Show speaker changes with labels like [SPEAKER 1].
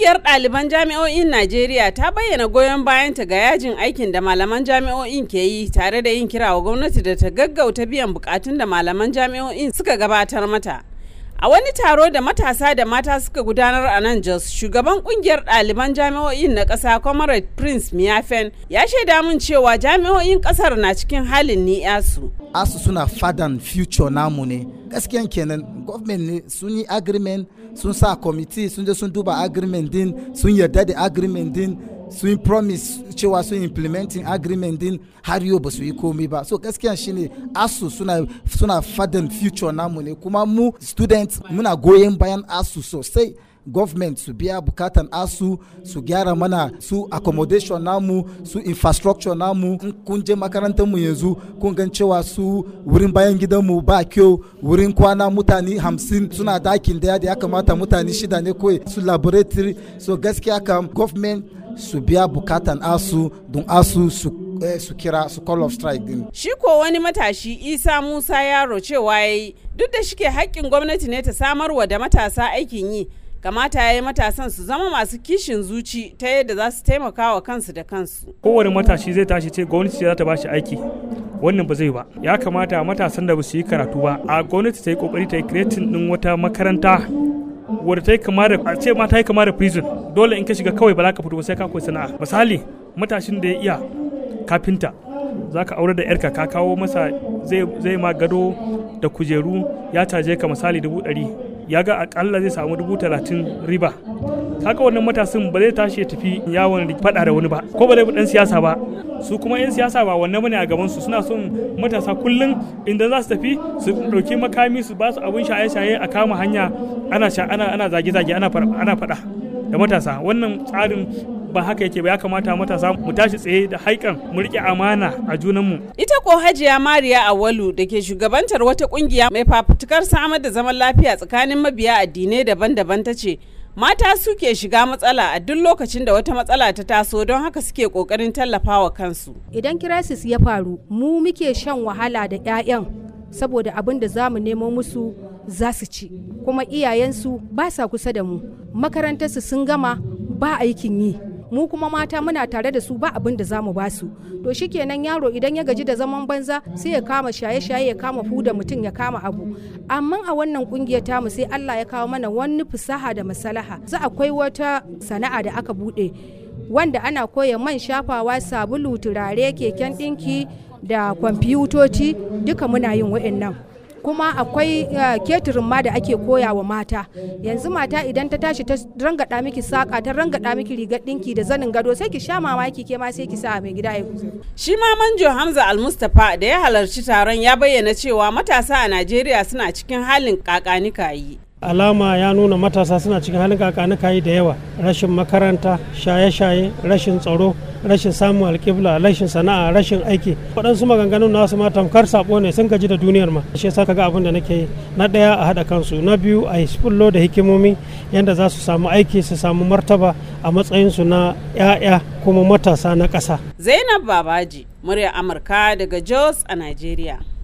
[SPEAKER 1] Ƙungiyar ɗaliban jami'o'in Najeriya ta bayyana goyon bayanta ga yajin aikin da malaman jami'o'in ke yi tare da yin kira wa gwamnati da ta gaggauta biyan bukatun da malaman jami'o'in suka gabatar mata. A wani taro da matasa da mata suka gudanar a nan Jos, shugaban ƙungiyar ɗaliban jami'o'in na ƙasa Comrade Prince Miafen ya shaida mun
[SPEAKER 2] cewa jami'o'in ƙasar na cikin halin ni'yasu. Asu suna fadan future namu ne. gaskiyan kenan government ne sun yi agreement sun sa committee sun je sun duba agreement din sun yarda da agreement din sun promise cewa sun implementing agreement din har yau ba su yi komai ba so gaskiya shine asu suna suna fadan future namu ne kuma mu students muna goyon bayan asu sosai government su biya bukatan asu su gyara mana su accommodation namu su infrastructure namu in kun je makarantar mu yanzu kun gan cewa su wurin bayan gidan mu ba kyau wurin kwana mutane hamsin suna dakin daya da ya kamata mutane shida ne kawai su laboratory so gaskiya kam government su biya bukatan asu don asu su eh, su kira su call of strike din.
[SPEAKER 1] Shi ko wani matashi Isa Musa yaro cewa yayi duk da shike haƙƙin gwamnati ne ta samarwa da matasa aikin yi kamata ya yi matasan su zama masu kishin zuci ta yadda za su taimaka wa kansu da kansu
[SPEAKER 3] kowane matashi zai tashi ce gwamnati ce za ta bashi aiki wannan ba zai ba ya kamata matasan da ba su yi karatu ba a gwamnati ta yi kokari ta yi kiretin din wata makaranta wadda ta yi kama da a ce mata yi kama da prison dole in ka shiga kawai ba za ka fito ba sai ka koyi sana'a misali matashin da ya iya kafinta za ka aure da yarka ka kawo masa zai ma gado da kujeru ya caje ka misali dubu ɗari ya ga akalla zai samu dubu talatin riba kaga wannan matasin ba zai tashi ya tafi yawon faɗa da wani ba ko ba zai ɗan siyasa ba su kuma yan siyasa ba wannan bane a gaban su suna son matasa kullum inda za su tafi su ɗauki makami su ba su abun shaye-shaye a kama hanya ana ana zage-zage ana faɗa da matasa wannan tsarin ba haka yake ba ya kamata matasa mu tashi tsaye da haikan mu rike amana a junanmu
[SPEAKER 1] ita ko hajiya mariya awalu da ke shugabantar wata kungiya mai fafutukar samar da zaman lafiya tsakanin mabiya addinai daban-daban ta ce mata suke shiga matsala a duk lokacin da wata matsala ta taso don haka suke kokarin tallafawa kansu
[SPEAKER 4] idan kirasis ya faru mu muke shan wahala da 'ya'yan saboda abin da za mu nemo musu za su ci kuma iyayensu ba sa kusa da mu makarantarsu sun gama ba aikin yi mu kuma mata muna tare da su ba abin da zamu ba su to shikenan yaro idan ya gaji da zaman banza sai ya kama shaye-shaye ya kama fuda mutum ya kama abu amma a wannan kungiyar tamu sai Allah ya kawo mana wani fasaha da masalaha za akwai wata sana'a da aka bude wanda ana koya man shafawa sabulu turare keken dinki da kwamfutoci duka muna yin wa'annan kuma akwai ketirin eh, ma da ake koya wa mata yanzu mata idan ta tashi ta rangada miki saka ta rangada miki rigar dinki da zanin gado sai ki sha mamaki ke ma sai ki sa mai gida ya
[SPEAKER 1] shi ma manjo Hamza Almustafa da ya halarci taron ya bayyana cewa matasa a Najeriya suna cikin halin kakanikayi
[SPEAKER 5] alama ya nuna matasa suna cikin halin kayi da yawa rashin makaranta shaye-shaye rashin tsaro rashin samun alkibla rashin sana'a rashin aiki waɗansu maganganun nasu ma tamkar sabo ne sun gaji da duniyar ma shi yasa kaga abin da nake yi na ɗaya a haɗa kansu na biyu a yi fullo da hikimomi yadda za su samu aiki su samu martaba a matsayinsu na 'ya'ya kuma matasa na ƙasa
[SPEAKER 1] zainab babaji murya amurka daga jos a najeriya